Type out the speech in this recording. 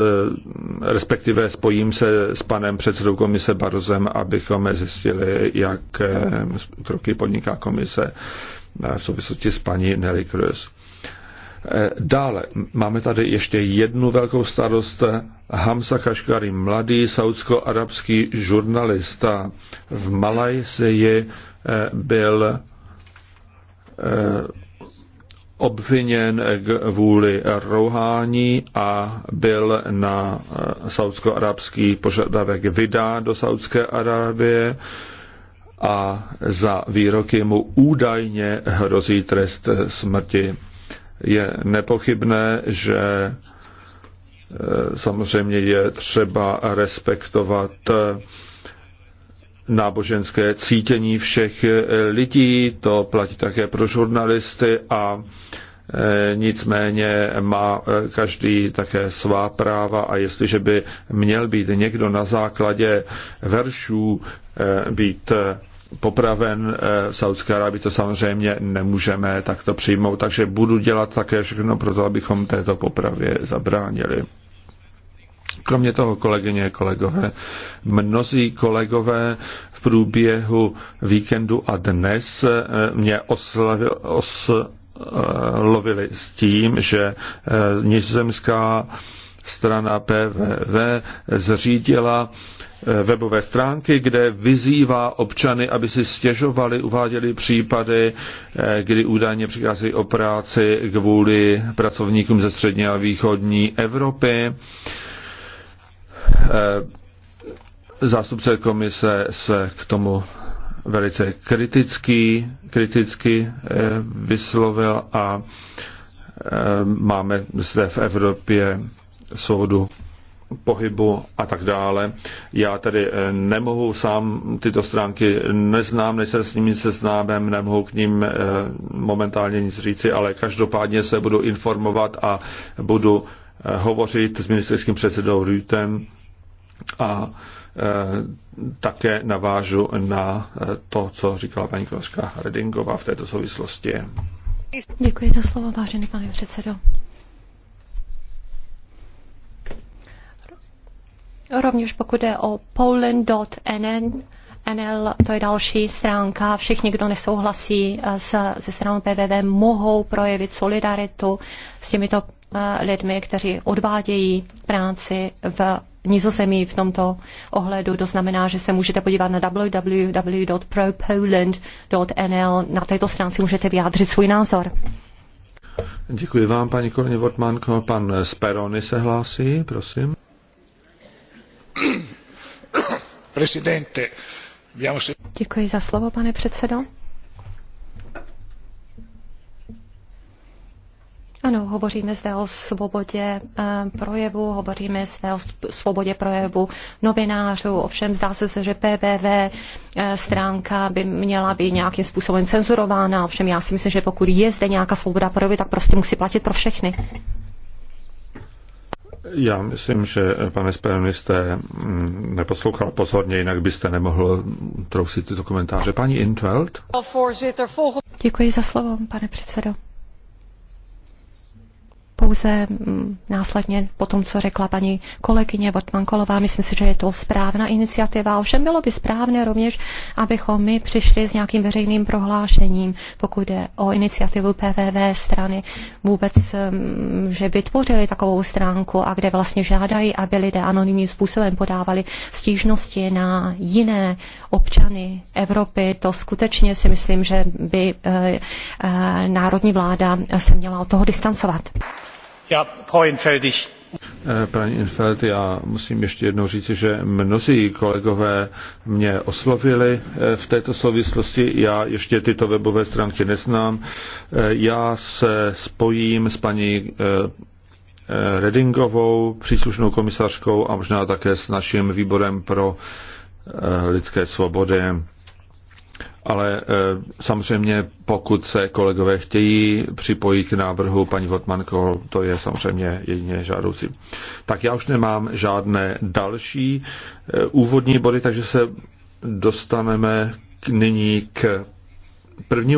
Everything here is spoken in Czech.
Eh, respektive spojím se s panem předsedou komise Barozem, abychom zjistili, jak kroky eh, podniká komise eh, v souvislosti s paní Nelly Cruz. Dále máme tady ještě jednu velkou starost. Hamza Kaškari, mladý saudsko-arabský žurnalista v Malajsii, byl obviněn kvůli rouhání a byl na eh, saudsko-arabský požadavek vydán do Saudské Arábie a za výroky mu údajně hrozí trest smrti. Je nepochybné, že eh, samozřejmě je třeba respektovat eh, náboženské cítění všech eh, lidí, to platí také pro žurnalisty a eh, nicméně má eh, každý také svá práva a jestliže by měl být někdo na základě veršů být popraven v Saudské Arábii, to samozřejmě nemůžeme takto přijmout, takže budu dělat také všechno pro to, abychom této popravě zabránili. Kromě toho, kolegyně, kolegové, mnozí kolegové v průběhu víkendu a dnes eh, mě oslavil, oslovili s tím, že eh, nizozemská strana PVV zřídila eh, webové stránky, kde vyzývá občany, aby si stěžovali, uváděli případy, kdy údajně přicházejí o práci kvůli pracovníkům ze střední a východní Evropy Eh, zástupce komise se k tomu velice kritický, kriticky eh, vyslovil a eh, máme zde v Evropě soudu pohybu a tak dále. Já tedy nemohu sám tyto stránky neznám, nejsem s nimi seznámem, nemohu k ním momentálně nic říci, ale každopádně se budu informovat a budu hovořit s ministerským předsedou Rütem a e, také navážu na e, to, co říkala paní Kroška Redingová v této souvislosti. Děkuji za slovo, vážený pane předsedo. Rovněž pokud je o poland.nn, NL, to je další stránka. Všichni, kdo nesouhlasí se stranou PVV, mohou projevit solidaritu s těmito lidmi, kteří odvádějí práci v Nizozemí v tomto ohledu. To znamená, že se můžete podívat na www.propoland.nl. Na této stránce můžete vyjádřit svůj názor. Děkuji vám, paní Korně Vortmanko. Pan Sperony se hlásí, prosím. Děkuji za slovo, pane předsedo. Ano, hovoříme zde o svobodě eh, projevu, hovoříme zde o svobodě projevu novinářů, ovšem zdá se, že PVV eh, stránka by měla být nějakým způsobem cenzurována, ovšem já si myslím, že pokud je zde nějaká svoboda projevu, tak prostě musí platit pro všechny. Já myslím, že eh, pane Speroni jste mm, neposlouchal pozorně, jinak byste nemohl trousit tyto komentáře. Paní Intveld? Děkuji za slovo, pane předsedo pouze mm, následně po tom, co řekla paní kolegyně Vortmankolová, myslím si, že je to správná iniciativa. Ovšem bylo by správné rovněž, abychom my přišli s nějakým veřejným prohlášením, pokud jde o iniciativu PVV strany, vůbec, mm, že vytvořili takovou stránku a kde vlastně žádají, aby lidé anonymním způsobem podávali stížnosti na jiné občany Evropy. To skutečně si myslím, že by eh, eh, národní vláda se měla od toho distancovat. Ja, eh, Paní Infeld, já musím ještě jednou říci, že mnozí kolegové mě oslovili eh, v této souvislosti. Já ještě tyto webové stránky neznám. Eh, já se spojím s paní Redingovou, příslušnou komisařkou a možná také s naším výborem pro lidské svobody ale eh, samozřejmě pokud se kolegové chtějí připojit k návrhu paní Votmanko, to je samozřejmě jedině žádoucí. Tak já už nemám žádné další eh, úvodní body, takže se dostaneme k, nyní k prvnímu